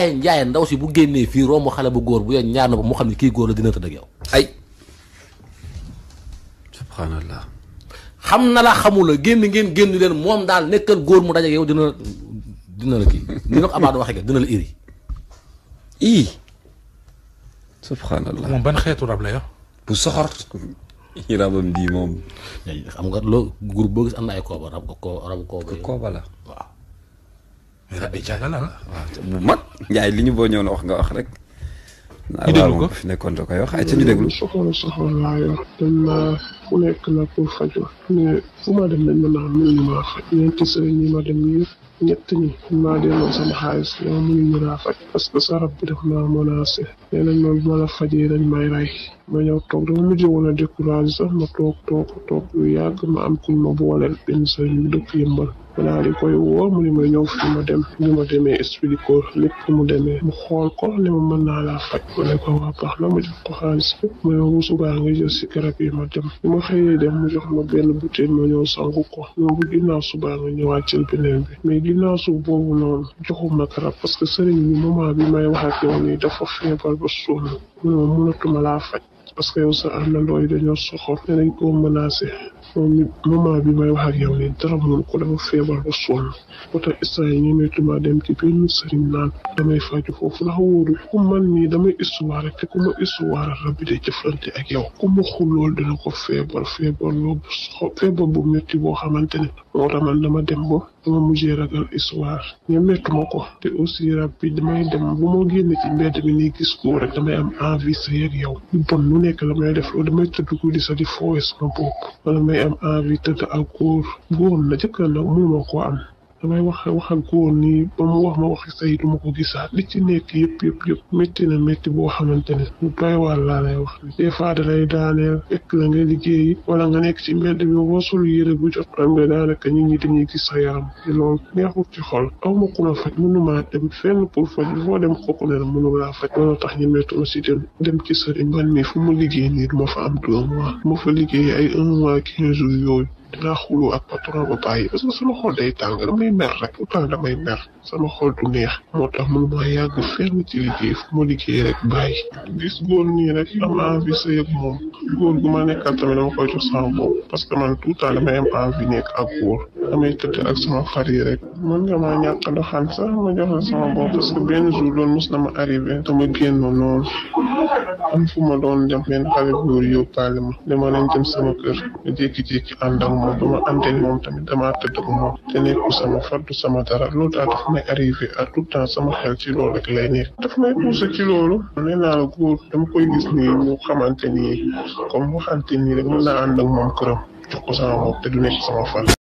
ay njaay ndaw si bu génnee fii romb xale bu góor bu yor ñaar na ba mu xam ne kii góor la dina tëdd ak yow ay subhanallah xam na la xamula génn ngeen génn leen moom daal nekkal góor mu dajeeg yow dina dina la kii ni na ko abaad waxee dina la iri ii subhanallah moom ban xeetu rab la yor bu soxor rabam bii moom xam nga loo groupe boo gis am na ay kooba rab ko rab kooba kooba la mais Rabbi Diaga la ah. bu mag Ndiaye li ñu boo ñëw na wax nga wax rek. ñu déglu ko fi nekkoon da koy wax ay ci ñu déglu. fu nekk na pour faju mais fu ma dem dañ ma faj ñeenti sëriñ ñi dem yëpp ñett ñi faj parce que sa rab bi def naa menacé nee nañ ma bu ma la ma ñëw toog dama a ma toog toog toog yu yàgg ma am kuñ ma booleel benn sëriñ bi dëkk dem expliqué ko lépp mu xëyee def mu jox ma benn butéel ma ñëw sangu ko ñoo bu ginnaaw subaa nga ñëwaat ci bi mais ginnaaw suuf boobu noonu joxuma garab parce que sëriñ bi moment bi may wax ak yow nii dafa feebar ba sonn mu ne ma mënatuma faj parce que yow sa àndandoo yi dañoo soxor ne dañ koo menacé moom moment bi may wax ak yow nii dara mënul ko feebar ba sonn moo tax instant yi ñu metuma dem ci benn naan damay faju foofu ndax wóoru ku man nii damay histoire te ku ma histoire rabbi day jëflante ak yow ku ma xul loolu dina ko feebar feebar loo bu soxor feebar bu métti boo xamante ne moo tax man dama dem ba dama mujjee ragal histoire ñemeetu ma ko te aussi rapide damay dem bu ma génne ci mbedd bi nii gis ko rek damay am envi sëy ak yow lu bon lu nekk la may def loolu damay tëdd ko di sa di foowe sama bopp wala may am envie tëdd ak góor góor na jëkkër nag mënuma ko am damay wax waxal ko ni ba mu wax ma wax say du ma ko gisaat li ci nekk yëpp yëpp yëpp métti na métti boo xamante ne bu doy waar laa lay wax ni des fois da lay daaneel fekk la nga liggéeyi wala nga nekk ci mbedd bi sul yére bu jot xam nga daanaka nit ñi dañuy gis sa yaram ci lool neexul ci xol aw ma ku la faj mënumaa dem fenn pour faj foo dem kooku ne la mënu laa faj loolu tax ñu métti aussi dem dem ci sëriñ ban mi fu mu liggéey nii du ma fa am deux mois ma fa liggéey ay un mois quinze jours yooyu dinaa xuloo ak patron ba bàyyi parce que sama xol day tàng damay mer rek damay mer sama xol du neex moo tax mënu ma yàgg fenn ci liggéey fu ma liggéey rek bàyyi gis góor nii rek am envie sa yëg moom góor gu ma nekkat tamit dama koy jox sama bopp parce que man tout temps damay am nekk ak góor damay tëdd ak sama far yi rek mën nga maa ñàkk doxaan sax ma jox sama bopp parce que benn jour loolu mos na ma arrivé génn noonu am fu ma doon dem benn xale góor yóbbaale ma dama leen sama kër jékki-jékki ànd ak ma duma ànd ak moom tamit damaa tëdd moom te nekku sama faddu sama dara loolu daal daf may arrivé à tout temps sama xel ci loolu rek lay nekk daf may poussé ci loolu nee naa la góor dama koy gis ni ñu xamante ni comme waxante ni rek mën naa ànd ak moom këram jox ko sama bopp te sama fal